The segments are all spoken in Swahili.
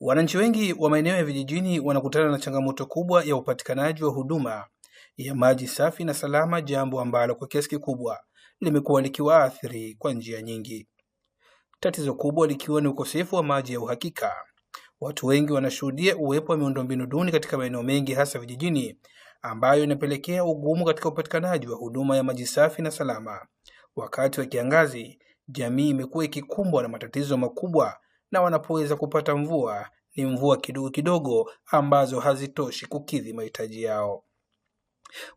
Wananchi wengi wa maeneo ya vijijini wanakutana na changamoto kubwa ya upatikanaji wa huduma ya maji safi na salama, jambo ambalo kwa kiasi kikubwa limekuwa likiwaathiri kwa njia nyingi, tatizo kubwa likiwa ni ukosefu wa maji ya uhakika. Watu wengi wanashuhudia uwepo wa miundombinu duni katika maeneo mengi, hasa vijijini, ambayo inapelekea ugumu katika upatikanaji wa huduma ya maji safi na salama. Wakati wa kiangazi, jamii imekuwa ikikumbwa na matatizo makubwa na wanapoweza kupata mvua ni mvua kidogo kidogo ambazo hazitoshi kukidhi mahitaji yao.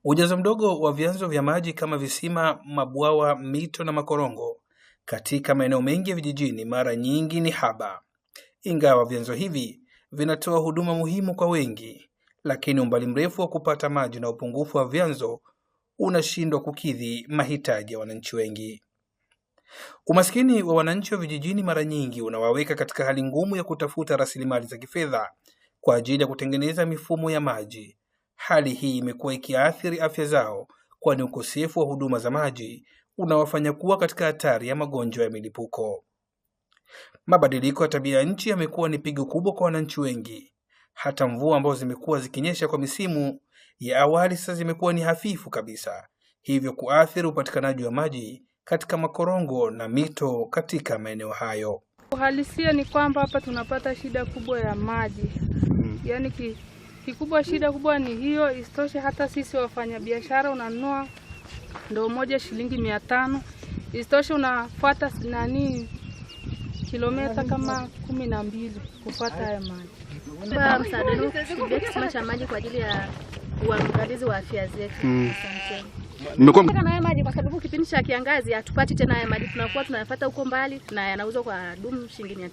Ujazo mdogo wa vyanzo vya maji kama visima, mabwawa, mito na makorongo katika maeneo mengi ya vijijini mara nyingi ni haba. Ingawa vyanzo hivi vinatoa huduma muhimu kwa wengi, lakini umbali mrefu wa kupata maji na upungufu wa vyanzo unashindwa kukidhi mahitaji ya wananchi wengi. Umaskini wa wananchi wa vijijini mara nyingi unawaweka katika hali ngumu ya kutafuta rasilimali za kifedha kwa ajili ya kutengeneza mifumo ya maji. Hali hii imekuwa ikiathiri afya zao, kwani ukosefu wa huduma za maji unawafanya kuwa katika hatari ya magonjwa ya milipuko. Mabadiliko ya tabia ya nchi yamekuwa ni pigo kubwa kwa wananchi wengi. Hata mvua ambazo zimekuwa zikinyesha kwa misimu ya awali sasa zimekuwa ni hafifu kabisa, hivyo kuathiri upatikanaji wa maji katika makorongo na mito katika maeneo hayo. Uhalisia ni kwamba hapa tunapata shida kubwa ya maji hmm. Yaani ki, kikubwa shida kubwa ni hiyo. Isitoshe hata sisi wafanyabiashara unanunua ndoo moja shilingi mia tano. Isitoshe unafuata nani kilomita kama kumi na mbili kufuata haya maji. Kwa msaada cha maji kwa ajili ya uangalizi wa afya zetu. Hmm. Mmekuwa na haya maji kwa sababu kipindi cha kiangazi hatupati tena haya maji, tunakuwa tunayapata huko mbali na yanauzwa kwa dumu shilingi 500.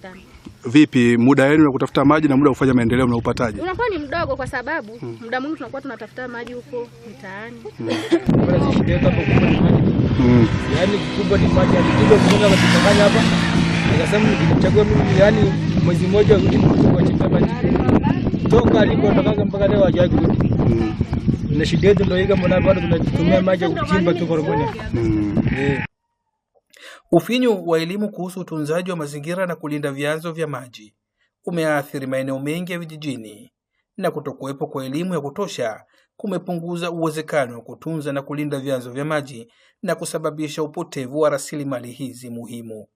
Vipi muda wenu wa kutafuta maji na muda wa kufanya maendeleo mnaupataje? Unakuwa ni mdogo kwa sababu hmm, muda mwingi tunakuwa tunatafuta maji huko mtaani. Hmm. hmm. Yaani kikubwa ni maji alikuja kuona kuchanganya hapa. Nikasema nikichagua mimi yaani mwezi mmoja urudi kwa chakula maji. Toka alipotoka mpaka leo hajawahi kurudi na shida yetu ndio hiyo, mbona bado tunatumia maji ya kuchimba tu korogoni. Hmm. Ufinyu wa elimu kuhusu utunzaji wa mazingira na kulinda vyanzo vya maji umeathiri maeneo mengi ya vijijini, na kutokuwepo kwa elimu ya kutosha kumepunguza uwezekano wa kutunza na kulinda vyanzo vya maji na kusababisha upotevu wa rasilimali hizi muhimu.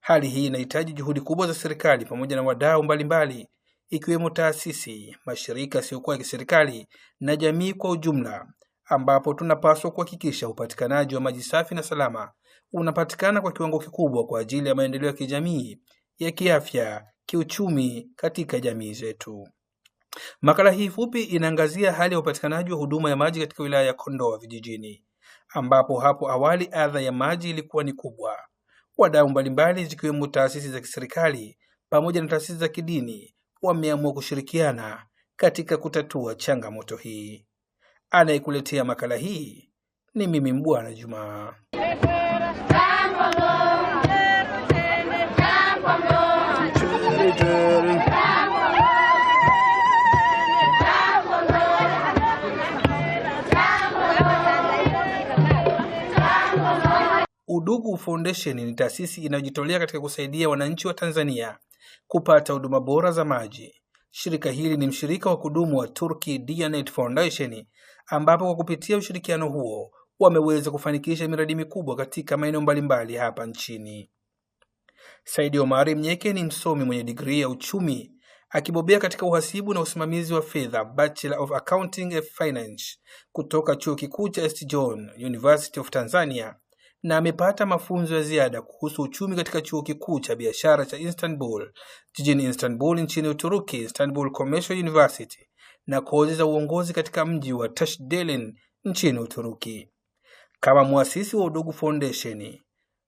Hali hii inahitaji juhudi kubwa za serikali pamoja na wadau mbalimbali ikiwemo taasisi, mashirika yasiyokuwa ya kiserikali na jamii kwa ujumla, ambapo tunapaswa kuhakikisha upatikanaji wa maji safi na salama unapatikana kwa kiwango kikubwa kwa ajili ya maendeleo ya kijamii, ya kiafya, kiuchumi katika jamii zetu. Makala hii fupi inaangazia hali ya upatikanaji wa huduma ya maji katika wilaya ya Kondoa vijijini, ambapo hapo awali adha ya maji ilikuwa ni kubwa. Wadau mbalimbali zikiwemo taasisi za kiserikali pamoja na taasisi za kidini wameamua kushirikiana katika kutatua changamoto hii. Anayekuletea makala hii ni mimi Mbwana Jumaa. Udugu Foundation ni taasisi inayojitolea katika kusaidia wananchi wa Tanzania kupata huduma bora za maji. Shirika hili ni mshirika wa kudumu wa Turkey Diyanet Foundation, ambapo kwa kupitia ushirikiano huo wameweza kufanikisha miradi mikubwa katika maeneo mbalimbali hapa nchini. Saidi Omari Mnyeke ni msomi mwenye digrii ya uchumi akibobea katika uhasibu na usimamizi wa fedha Bachelor of Accounting and Finance kutoka Chuo Kikuu cha St John University of Tanzania na amepata mafunzo ya ziada kuhusu uchumi katika chuo kikuu cha biashara cha Istanbul jijini Istanbul nchini Uturuki, Istanbul Commercial University, na kozi za uongozi katika mji wa Tashdelen nchini Uturuki. Kama mwasisi wa Udugu Foundation,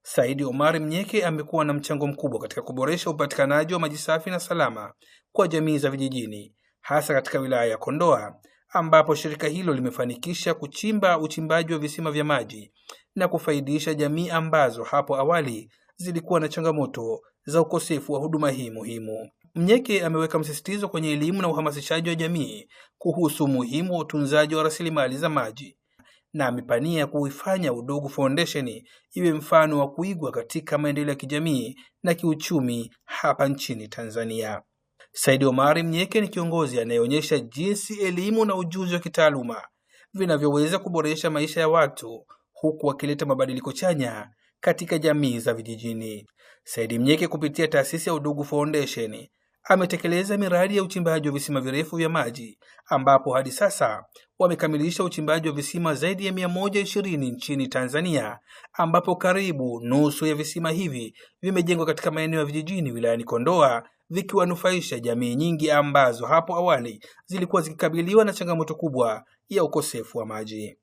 Saidi Omar Mnyeke amekuwa na mchango mkubwa katika kuboresha upatikanaji wa maji safi na salama kwa jamii za vijijini, hasa katika wilaya ya Kondoa ambapo shirika hilo limefanikisha kuchimba uchimbaji wa visima vya maji na kufaidisha jamii ambazo hapo awali zilikuwa na changamoto za ukosefu wa huduma hii muhimu. Mnyeke ameweka msisitizo kwenye elimu na uhamasishaji wa jamii kuhusu umuhimu wa utunzaji wa rasilimali za maji na amepania kuifanya Udugu Foundation iwe mfano wa kuigwa katika maendeleo ya kijamii na kiuchumi hapa nchini Tanzania. Said Omari Mnyeke ni kiongozi anayeonyesha jinsi elimu na ujuzi wa kitaaluma vinavyoweza kuboresha maisha ya watu huku wakileta mabadiliko chanya katika jamii za vijijini. Saidi Mnyeke kupitia taasisi ya Udugu Foundation ametekeleza miradi ya uchimbaji wa visima virefu vya maji ambapo hadi sasa wamekamilisha uchimbaji wa visima zaidi ya 120 nchini Tanzania, ambapo karibu nusu ya visima hivi vimejengwa katika maeneo ya vijijini wilayani Kondoa, vikiwanufaisha jamii nyingi ambazo hapo awali zilikuwa zikikabiliwa na changamoto kubwa ya ukosefu wa maji.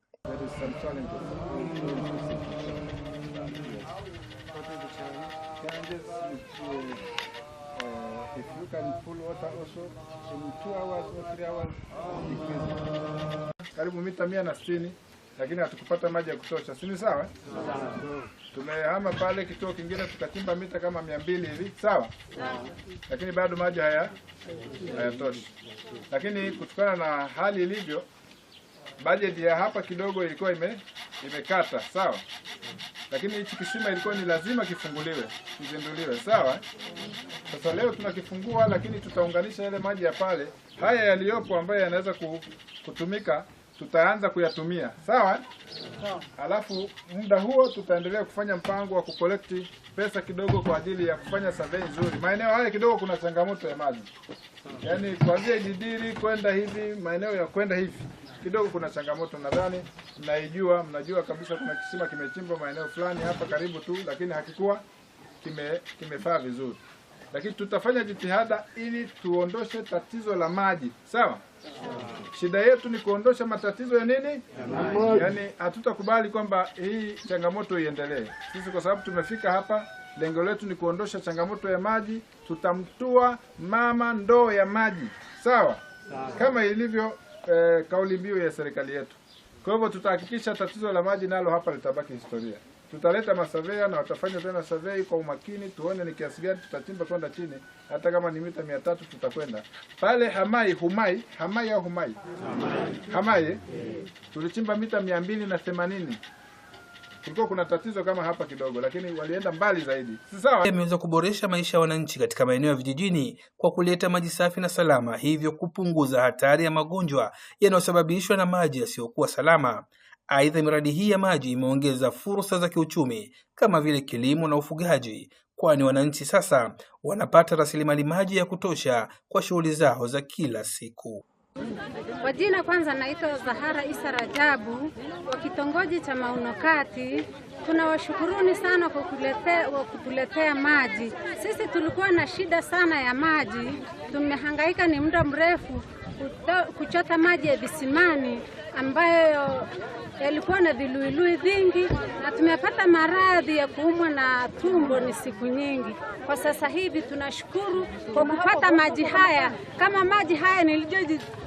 also in two hours or three hours. Karibu mita mia na sitini lakini hatukupata maji ya kutosha, si sawa? Tumehama pale kituo kingine tukachimba mita kama mia mbili hivi, sawa, lakini bado maji haya hayatoshi. Lakini kutokana na hali ilivyo bajeti ya hapa kidogo ilikuwa ime, imekata sawa, lakini hichi kisima ilikuwa ni lazima kifunguliwe kizinduliwe, sawa. Sasa leo tunakifungua, lakini tutaunganisha yale maji ya pale, haya yaliyopo ambayo yanaweza kutumika tutaanza kuyatumia sawa. Alafu muda huo tutaendelea kufanya mpango wa kukolekti pesa kidogo kwa ajili ya kufanya survey nzuri. Maeneo haya kidogo kuna changamoto ya maji, yaani kuanzia Jidiri kwenda hivi maeneo ya kwenda hivi kidogo kuna changamoto, nadhani mnaijua, mnajua kabisa kuna kisima kimechimbwa maeneo fulani hapa karibu tu, lakini hakikuwa kime kimefaa vizuri, lakini tutafanya jitihada ili tuondoshe tatizo la maji, sawa? Shida yetu ni kuondosha matatizo ya nini? Yaani hatutakubali kwamba hii changamoto iendelee sisi, kwa sababu tumefika hapa lengo letu ni kuondosha changamoto ya maji. Tutamtua mama ndoo ya maji sawa, sawa, kama ilivyo eh, kauli mbiu ya serikali yetu. Kwa hivyo tutahakikisha tatizo la maji nalo hapa litabaki historia. Tutaleta masavea na watafanya tena survey kwa umakini, tuone ni kiasi gani tutachimba kwenda chini, hata kama ni mita mia tatu tutakwenda pale Hamai Humai Hamai au Humai Hamai, Hamai. Hamai. Eh? Tulichimba mita mia mbili na themanini kulikuwa kuna tatizo kama hapa kidogo, lakini walienda mbali zaidi. Si sawa? Ameweza kuboresha maisha ya wananchi katika maeneo ya vijijini kwa kuleta maji safi na salama, hivyo kupunguza hatari ya magonjwa yanayosababishwa na maji yasiyokuwa salama. Aidha, miradi hii ya maji imeongeza fursa za kiuchumi kama vile kilimo na ufugaji, kwani wananchi sasa wanapata rasilimali maji ya kutosha kwa shughuli zao za kila siku. Kwa jina kwanza naitwa Zahara Isa Rajabu wa kitongoji cha Maunokati. Tunawashukuruni sana kwa kutuletea, kutuletea maji. Sisi tulikuwa na shida sana ya maji, tumehangaika ni muda mrefu kuto, kuchota maji ya visimani ambayo yalikuwa na viluilui vingi, na tumepata maradhi ya kuumwa na tumbo ni siku nyingi. Kwa sasa hivi tunashukuru kwa kupata maji haya, kama maji haya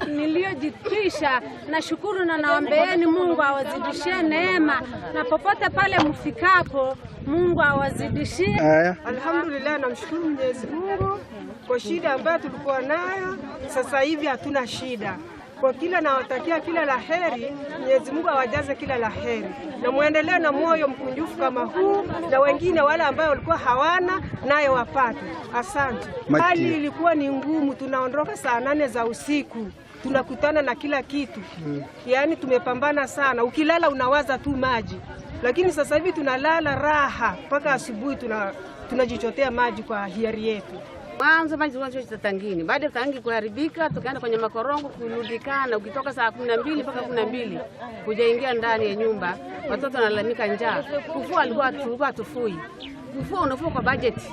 niliyojitisha. Nashukuru na naombeeni Mungu awazidishie neema, na popote pale mfikapo, Mungu awazidishie. Alhamdulillah, namshukuru Mwenyezi Mungu kwa shida ambayo tulikuwa nayo, sasa hivi hatuna shida. Kwa kila nawatakia kila la heri, Mwenyezi Mungu awajaze kila la heri, na muendelee na moyo mkunjufu kama huu, na wengine wale ambao walikuwa hawana naye wapate. Asante. Hali ilikuwa ni ngumu, tunaondoka saa nane za usiku tunakutana na kila kitu hmm. Yaani tumepambana sana, ukilala unawaza tu maji, lakini sasa hivi tunalala raha mpaka asubuhi, tunajichotea tuna maji kwa hiari yetu. Kwanza maji za tangini, baada ya tangi kuharibika, tukaenda kwenye makorongo kurudikana ukitoka saa kumi na mbili mpaka kumi na mbili kujaingia ndani ya nyumba. Watoto wanalalamika njaa, kufua alikuwa tulikuwa tufui, kufua unafua kwa bajeti.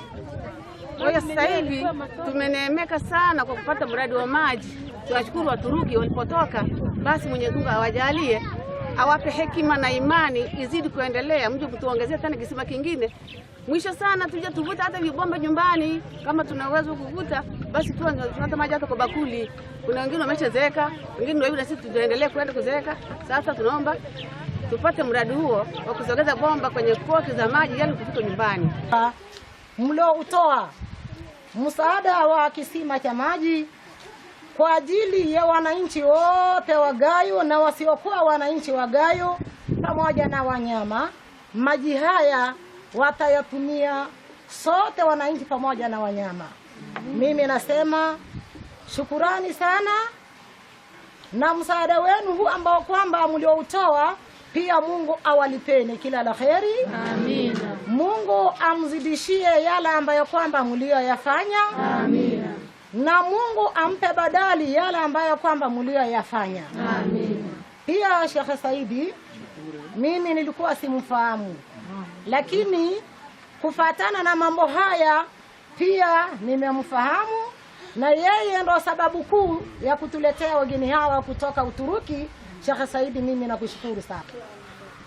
Kwa hiyo sasa hivi tumeneemeka sana kwa kupata mradi wa maji. Tunashukuru Waturuki walipotoka, basi Mwenyezi Mungu awajalie awape hekima na imani izidi kuendelea, mje kutuongezea tena kisima kingine. Mwisho sana tuja tuvuta hata vibomba nyumbani, kama tuna uwezo kuvuta basi tu tunata maji hata kwa bakuli. Kuna wengine wameshazeeka, wengine ndio na sisi tunaendelea kwenda kuzeeka. Sasa tunaomba tupate mradi huo wa kusogeza bomba kwenye koki za maji yani kufika nyumbani. Mlio utoa msaada wa kisima cha maji kwa ajili ya wananchi wote wa gayu na wasiokuwa wananchi wa gayu pamoja na wanyama. Maji haya watayatumia sote wananchi pamoja na wanyama. Mimi nasema shukurani sana na msaada wenu huu ambao kwamba mlioutoa, pia Mungu awalipeni kila la heri. Amina. Mungu amzidishie yale ambayo kwamba mlioyafanya. Amina na Mungu ampe badali yale ambayo kwamba mlioyafanya. Amina. Pia Sheikh Saidi, mimi nilikuwa simfahamu, lakini kufatana na mambo haya pia nimemfahamu, na yeye ndo sababu kuu ya kutuletea wageni hawa kutoka Uturuki. Sheikh Saidi, mimi nakushukuru sana.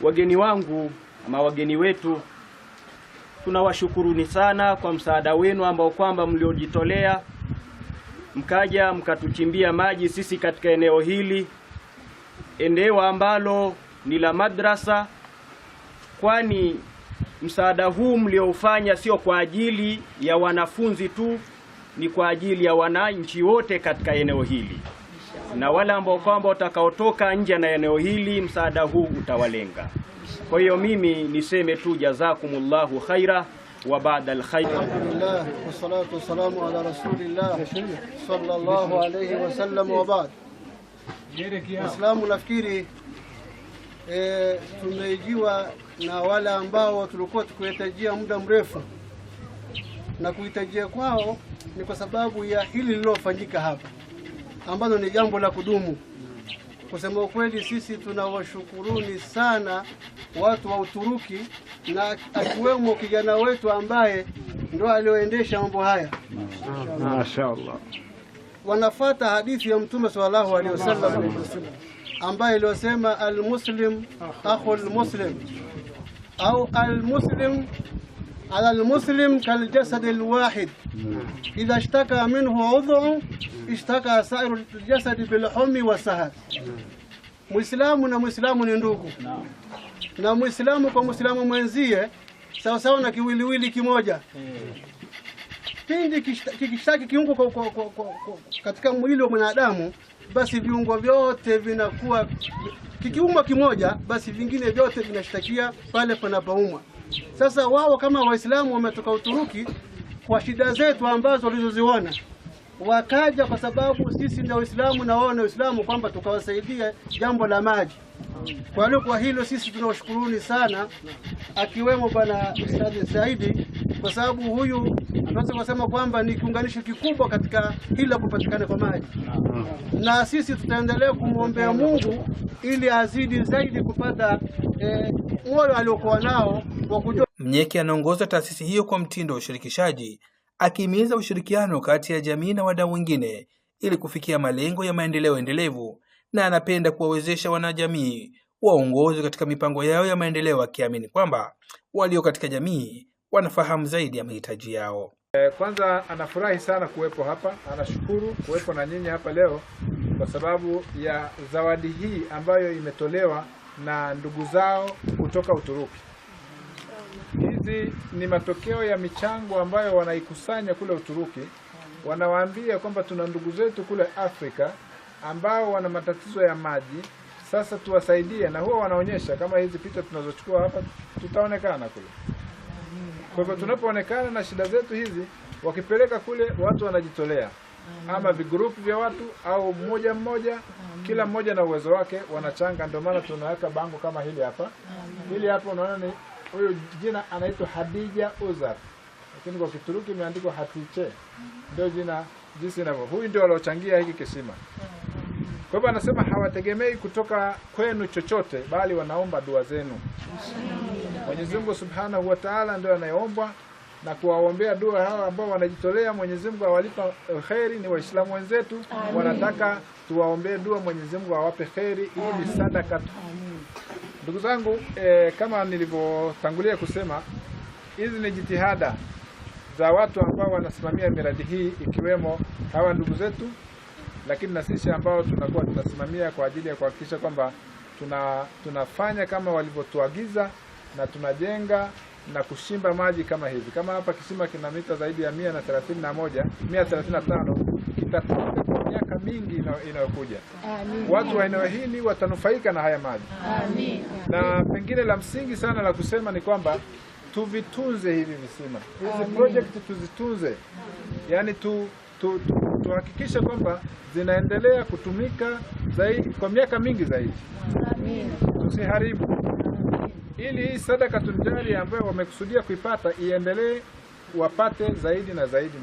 Wageni wangu ama wageni wetu tunawashukuruni sana kwa msaada wenu ambao kwamba mliojitolea mkaja mkatuchimbia maji sisi katika eneo hili, eneo ambalo ni la madrasa, kwani msaada huu mlioufanya sio kwa ajili ya wanafunzi tu, ni kwa ajili ya wananchi wote katika eneo hili na wale ambao kwamba watakaotoka nje na eneo hili, msaada huu utawalenga. Kwa hiyo mimi niseme tu jazakumullahu khaira wa ba'da alkhair. Alhamdulillah wassalamu ala rasulillah sallallahu alayhi wasallam wa ba'd. Waislamu, nafikiri e, tumeijiwa na wale ambao tulikuwa tukuhitajia muda mrefu, na kuhitajia kwao ni kwa sababu ya hili lililofanyika hapa ambalo ni jambo la kudumu. Kusema ukweli, sisi tunawashukuruni sana watu wa Uturuki na akiwemo kijana wetu ambaye ndo alioendesha mambo haya mashaallah. Wanafata hadithi ya Mtume sallallahu alaihi wasallam ambaye aliosema, almuslim akhul muslim au almuslim على المسلم كالجسد الواحد إذا اشتكى منه عضو اشتكى سائر الجسد بالحم والسهر مسلم مسلم na نا مسلم ndugu مسلم منزية سو سو نكي ويلي ويلي كي موجا pindi kikishtaki kiungo kwa, kwa, kwa, kwa, kwa, katika mwili wa mwanadamu, basi viungo vyote vinakuwa kikiumwa kimoja, basi vingine vyote vinashtakia pale panapoumwa. Sasa wao kama Waislamu wametoka Uturuki kwa shida zetu ambazo walizoziona wakaja kwa sababu sisi ndio Waislamu na wao ni Waislamu, kwamba tukawasaidia jambo la maji. Kwa hiyo kwa hilo sisi tunawashukuruni sana, akiwemo bwana Ustadhi Saidi, kwa sababu huyu anaweza kusema kwamba ni kiunganishi kikubwa katika hili la kupatikana kwa maji, na sisi tutaendelea kumwombea Mungu ili azidi zaidi kupata huo eh, aliokuwa nao wa kujua. Mnyeki anaongoza taasisi hiyo kwa mtindo wa ushirikishaji, akihimiza ushirikiano kati ya jamii na wadau wengine ili kufikia malengo ya maendeleo endelevu, na anapenda kuwawezesha wanajamii waongozi katika mipango yao ya maendeleo, akiamini kwamba walio katika jamii wanafahamu zaidi ya mahitaji yao. Eh, kwanza anafurahi sana kuwepo hapa, anashukuru kuwepo na nyinyi hapa leo kwa sababu ya zawadi hii ambayo imetolewa na ndugu zao kutoka Uturuki. Hizi ni matokeo ya michango ambayo wanaikusanya kule Uturuki. Wanawaambia kwamba tuna ndugu zetu kule Afrika ambao wana matatizo ya maji, sasa tuwasaidie, na huwa wanaonyesha kama hizi picha tunazochukua hapa, tutaonekana kule. Kwa hivyo tunapoonekana na shida zetu hizi, wakipeleka kule, watu wanajitolea ama vigrupu vya watu au mmoja mmoja, kila mmoja na uwezo wake wanachanga. Ndio maana tunaweka bango kama hili hapa. Hili hapa unaona ni huyu jina anaitwa Hadija Uzar, lakini kwa Kituruki imeandikwa Hatice, ndio jina jinsi inavyo. Huyu ndio aliochangia hiki kisima. Kwa hivyo anasema hawategemei kutoka kwenu chochote, bali wanaomba dua zenu. Mwenyezi Mungu Subhanahu wa Ta'ala ndio anayeombwa na kuwaombea dua hawa ambao wanajitolea. Mwenyezi Mungu awalipa eh, kheri. Ni Waislamu wenzetu wanataka tuwaombee dua, Mwenyezi Mungu awape kheri. Hii ni sadaka. Ndugu zangu, eh, kama nilivyotangulia kusema hizi ni jitihada za watu ambao wanasimamia miradi hii ikiwemo hawa ndugu zetu, lakini na sisi ambao tunakuwa tunasimamia kwa ajili ya kuhakikisha kwamba tuna, tunafanya kama walivyotuagiza na tunajenga na kushimba maji kama hivi. Kama hapa kisima kina mita zaidi ya mia na thelathini na moja mia thelathini na tano kitatumika kwa miaka mingi inayokuja. Watu wa eneo hili watanufaika na haya maji. Amin. Na pengine la msingi sana la kusema ni kwamba tuvitunze hivi visima, hizi project tuzitunze, yaani tu tu, tu, tuhakikishe kwamba zinaendelea kutumika zaidi kwa miaka mingi zaidi, tusiharibu ili hii sadaka tuljari ambayo wamekusudia kuipata iendelee wapate zaidi na zaidi.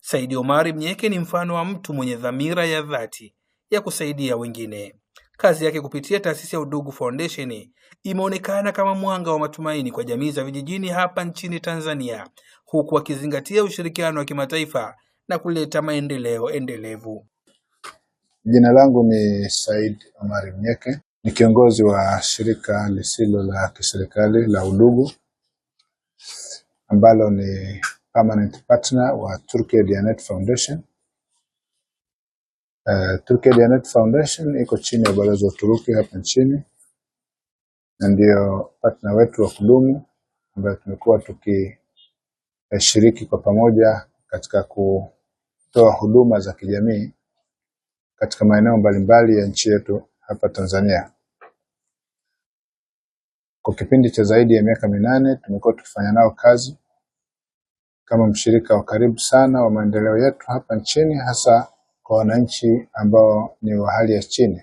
Saidi Omari Mnyeke ni mfano wa mtu mwenye dhamira ya dhati ya kusaidia wengine. Kazi yake kupitia taasisi ya Udugu Foundation imeonekana kama mwanga wa matumaini kwa jamii za vijijini hapa nchini Tanzania, huku akizingatia ushirikiano wa kimataifa na kuleta maendeleo endelevu. Jina langu ni Said Omari Mnyeke, ni kiongozi wa shirika lisilo la kiserikali la Udugu ambalo ni permanent partner wa Turkey Diyanet Foundation. Uh, Turkey Diyanet Foundation iko chini ya balozi wa Uturuki hapa nchini na ndio partner wetu wa kudumu ambayo tumekuwa tukishiriki kwa pamoja katika kutoa huduma za kijamii katika maeneo mbalimbali ya nchi yetu hapa Tanzania. Kwa kipindi cha zaidi ya miaka minane tumekuwa tukifanya nao kazi kama mshirika wa karibu sana wa maendeleo yetu hapa nchini, hasa kwa wananchi ambao ni wa hali ya chini.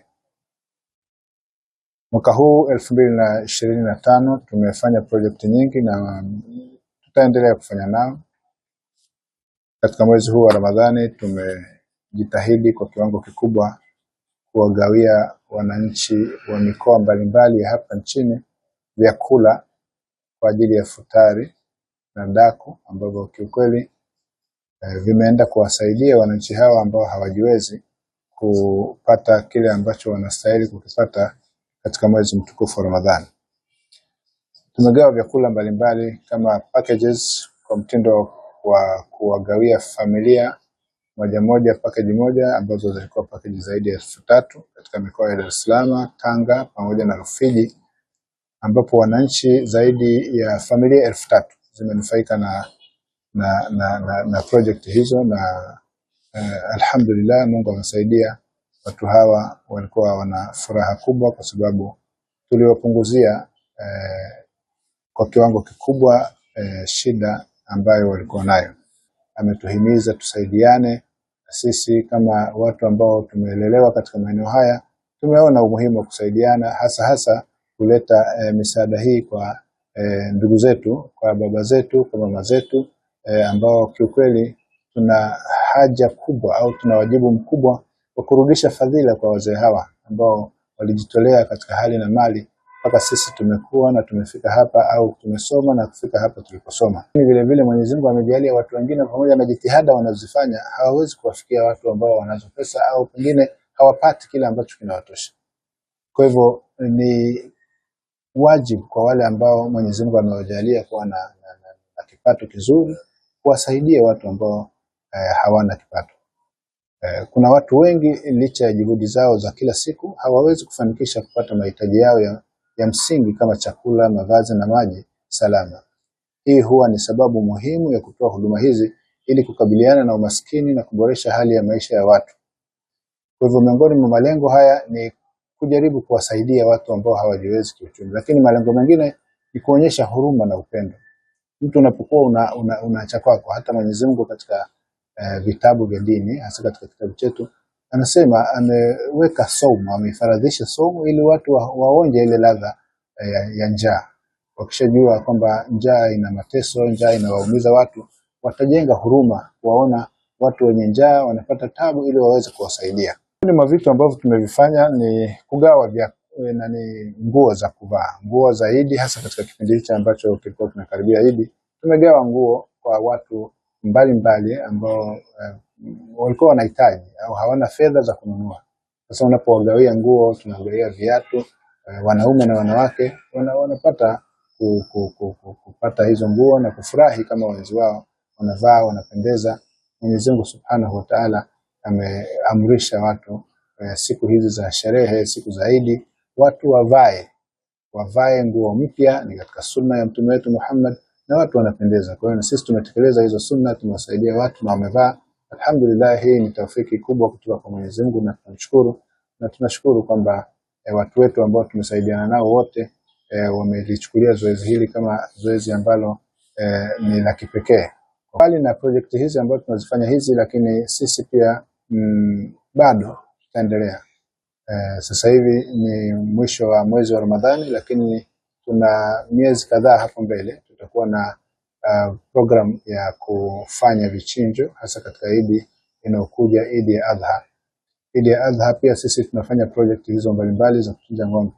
Mwaka huu elfu mbili na ishirini na tano tumefanya projekti nyingi na tutaendelea kufanya nao. Katika mwezi huu wa Ramadhani tumejitahidi kwa kiwango kikubwa kuwagawia wananchi wa mikoa mbalimbali ya hapa nchini vyakula kwa ajili ya futari na daku ambavyo kiukweli eh, vimeenda kuwasaidia wananchi hawa ambao hawajiwezi kupata kile ambacho wanastahili kukipata katika mwezi mtukufu wa Ramadhani. Tumegawa vyakula mbalimbali kama packages kwa mtindo wa kuwagawia familia moja moja package moja ambazo zilikuwa package zaidi ya elfu tatu katika mikoa ya Dar es Salaam, Tanga pamoja na Rufiji ambapo wananchi zaidi ya familia elfu tatu zimenufaika na, na, na, na, na project hizo na eh, alhamdulillah Mungu amesaidia watu hawa walikuwa wana furaha kubwa kwa sababu tuliwapunguzia eh, kwa kiwango kikubwa eh, shida ambayo walikuwa nayo. Ametuhimiza tusaidiane sisi kama watu ambao tumelelewa katika maeneo haya, tumeona umuhimu wa kusaidiana hasa hasa kuleta e, misaada hii kwa e, ndugu zetu, kwa baba zetu, kwa mama zetu e, ambao kiukweli tuna haja kubwa au tuna wajibu mkubwa wa kurudisha fadhila kwa wazee hawa ambao walijitolea katika hali na mali mpaka sisi tumekuwa na tumefika hapa au tumesoma na kufika hapa tuliposoma. Vile vile Mwenyezi Mungu amejalia watu wengine, pamoja na jitihada wanazifanya hawawezi kuwafikia watu ambao wanazo pesa au pengine hawapati kile ambacho kinawatosha. Kwa hivyo ni wajibu kwa wale ambao Mwenyezi Mungu amewajalia kuwa na, na, na, na kipato kizuri kuwasaidia watu ambao eh, hawana kipato. Eh, kuna watu wengi licha ya juhudi zao za kila siku hawawezi kufanikisha kupata mahitaji yao ya, ya msingi kama chakula, mavazi na maji salama. Hii huwa ni sababu muhimu ya kutoa huduma hizi ili kukabiliana na umaskini na kuboresha hali ya maisha ya watu. Kwa hivyo miongoni mwa malengo haya ni kujaribu kuwasaidia watu ambao hawajiwezi kiuchumi, lakini malengo mengine ni kuonyesha huruma na upendo. Mtu unapokuwa una, una, una cha kwako, hata Mwenyezi Mungu katika uh, vitabu vya dini hasa katika kitabu chetu anasema ameweka somo, amefaradhisha somo ili watu wa, waonje ile ladha eh, ya, ya njaa. Wakishajua kwamba njaa ina mateso, njaa inawaumiza watu, watajenga huruma, waona watu wenye njaa wanapata tabu, ili waweze kuwasaidia. Miongoni mwa vitu ambavyo tumevifanya ni kugawa vya eh, na ni nguo za kuvaa, nguo za Idi, hasa katika kipindi hichi ambacho kilikuwa kinakaribia Idi. Tumegawa nguo kwa watu mbalimbali ambao eh, walikuwa wanahitaji au hawana fedha za kununua. Sasa unapowagawia nguo, tunagawia viatu eh, wanaume na wanawake wana, wanapata ku, ku, ku, ku, kupata hizo nguo na kufurahi kama wenzi wao wanavaa, wanapendeza. Mwenyezi Mungu Subhanahu wa Ta'ala ameamrisha watu eh, siku hizi za sherehe, siku za Idi, watu wavae wavae nguo mpya. Ni katika sunna ya mtume wetu Muhammad, na watu wanapendeza. Kwa hiyo na sisi tumetekeleza hizo sunna, tumewasaidia watu na wamevaa. Alhamdulillah, hii ni taufiki kubwa kutoka kwa Mwenyezi Mungu na tunashukuru na tunashukuru kwamba eh, watu wetu ambao tumesaidiana nao wote eh, wamelichukulia zoezi hili kama zoezi ambalo eh, ni la kipekee, mbali na project hizi ambazo tunazifanya hizi, lakini sisi pia mm, bado tutaendelea. Eh, sasa hivi ni mwisho wa mwezi wa Ramadhani, lakini kuna miezi kadhaa hapo mbele tutakuwa na uh, program ya kufanya vichinjo hasa katika idi inayokuja, idi ya Adha. Idi ya Adha pia sisi tunafanya project hizo mbalimbali za kuchinja ng'ombe.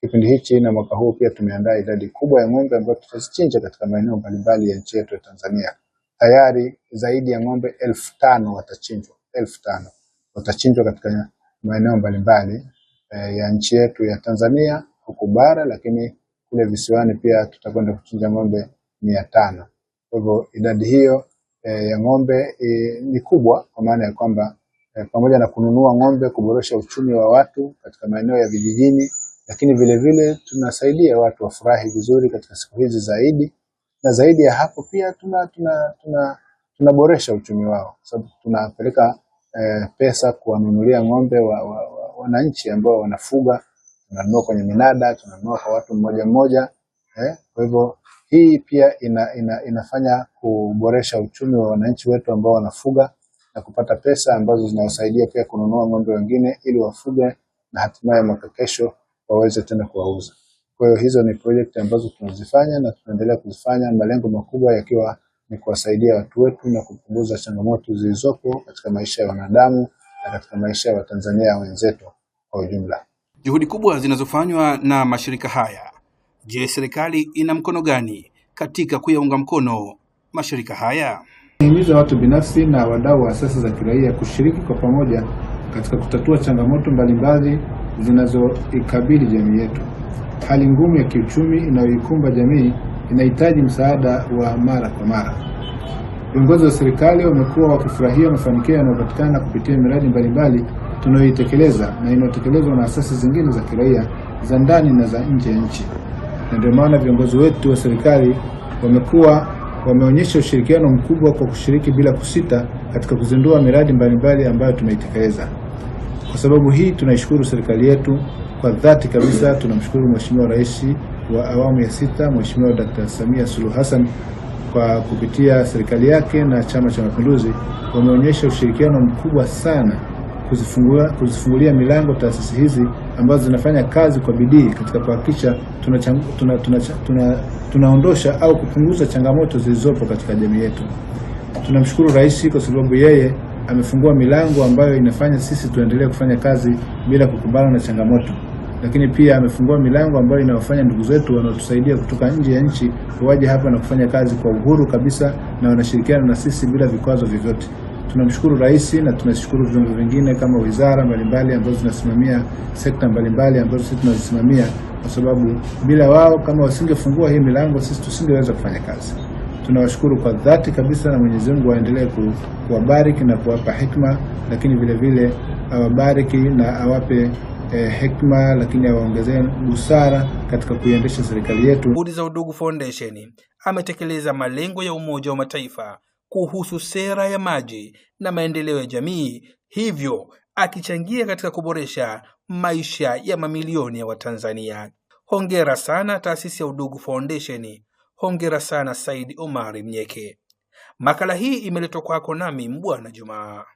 Kipindi hichi na mwaka huu pia tumeandaa idadi kubwa ya ng'ombe ambayo tutazichinja katika maeneo mbalimbali ya nchi yetu ya Tanzania. Tayari zaidi ya ng'ombe elfu tano watachinjwa elfu tano watachinjwa katika maeneo mbalimbali e, ya nchi yetu ya Tanzania huku bara, lakini kule visiwani pia tutakwenda kuchinja ng'ombe mia tano. Kwa hivyo idadi hiyo e, ya ng'ombe e, ni kubwa kwa maana ya kwamba e, pamoja na kununua ng'ombe kuboresha uchumi wa watu katika maeneo ya vijijini, lakini vilevile tunasaidia watu wafurahi vizuri katika siku hizi zaidi, na zaidi ya hapo pia tuna, tuna, tuna, tunaboresha uchumi wao sababu so, tunapeleka eh, pesa kuwanunulia ng'ombe wananchi wa, wa, wananchi ambao wanafuga, tunanunua kwenye minada, tunanunua kwa watu mmoja mmoja eh. Kwa hivyo hii pia ina, ina, inafanya kuboresha uchumi wa wananchi wetu ambao wanafuga na kupata pesa ambazo zinawasaidia pia kununua ng'ombe wengine ili wafuge na hatimaye mwaka kesho waweze tena kuwauza. Kwa hiyo hizo ni projekti ambazo tunazifanya na tunaendelea kuzifanya, malengo makubwa yakiwa ni kuwasaidia watu wetu na kupunguza changamoto zilizopo katika maisha ya wanadamu na katika maisha ya Watanzania wenzetu kwa ujumla. Juhudi kubwa zinazofanywa na mashirika haya. Je, serikali ina mkono gani katika kuyaunga mkono mashirika haya? Nihimiza watu binafsi na wadau wa asasi za kiraia kushiriki kwa pamoja katika kutatua changamoto mbalimbali zinazoikabili jamii yetu. Hali ngumu ya kiuchumi inayoikumba jamii inahitaji msaada wa mara kwa mara. Viongozi wa serikali wamekuwa wakifurahia mafanikio yanayopatikana kupitia miradi mbalimbali tunayoitekeleza na inayotekelezwa na asasi zingine za kiraia za ndani na za nje ya nchi, na ndio maana viongozi wetu wa serikali wamekuwa wameonyesha ushirikiano mkubwa kwa kushiriki bila kusita katika kuzindua miradi mbalimbali ambayo tumeitekeleza Kwa sababu hii tunaishukuru serikali yetu kwa dhati kabisa. Tunamshukuru Mheshimiwa Rais wa awamu ya sita Mheshimiwa Dkt. Samia Suluhu Hassan kwa kupitia serikali yake na Chama cha Mapinduzi wameonyesha ushirikiano mkubwa sana kuzifungua, kuzifungulia milango taasisi hizi ambazo zinafanya kazi kwa bidii katika kuhakikisha tunaondosha tuna, tuna, tuna, tuna au kupunguza changamoto zilizopo katika jamii yetu. Tunamshukuru Rais kwa sababu yeye amefungua milango ambayo inafanya sisi tuendelee kufanya kazi bila kukumbana na changamoto lakini pia amefungua milango ambayo inawafanya ndugu zetu wanaotusaidia kutoka nje ya nchi waje hapa na kufanya kazi kwa uhuru kabisa na wanashirikiana na sisi bila vikwazo vyovyote. Tunamshukuru Rais na tunashukuru vyombo vingine kama wizara mbalimbali ambazo zinasimamia sekta mbalimbali ambazo sisi tunazisimamia, kwa sababu bila wao, kama wasingefungua hii milango, sisi tusingeweza kufanya kazi. Tunawashukuru kwa dhati kabisa, na Mwenyezi Mungu aendelee kuwabariki na kuwapa hikma, lakini vile vile awabariki na awape eh, hekima lakini awaongezee busara katika kuiendesha serikali yetu. Juhudi za Udugu Foundation ametekeleza malengo ya Umoja wa Mataifa kuhusu sera ya maji na maendeleo ya jamii, hivyo akichangia katika kuboresha maisha ya mamilioni ya Watanzania. Hongera sana taasisi ya Udugu Foundation. Hongera sana Said Omari Mnyeke. Makala hii imeletwa kwako nami Mbwana Jumaa.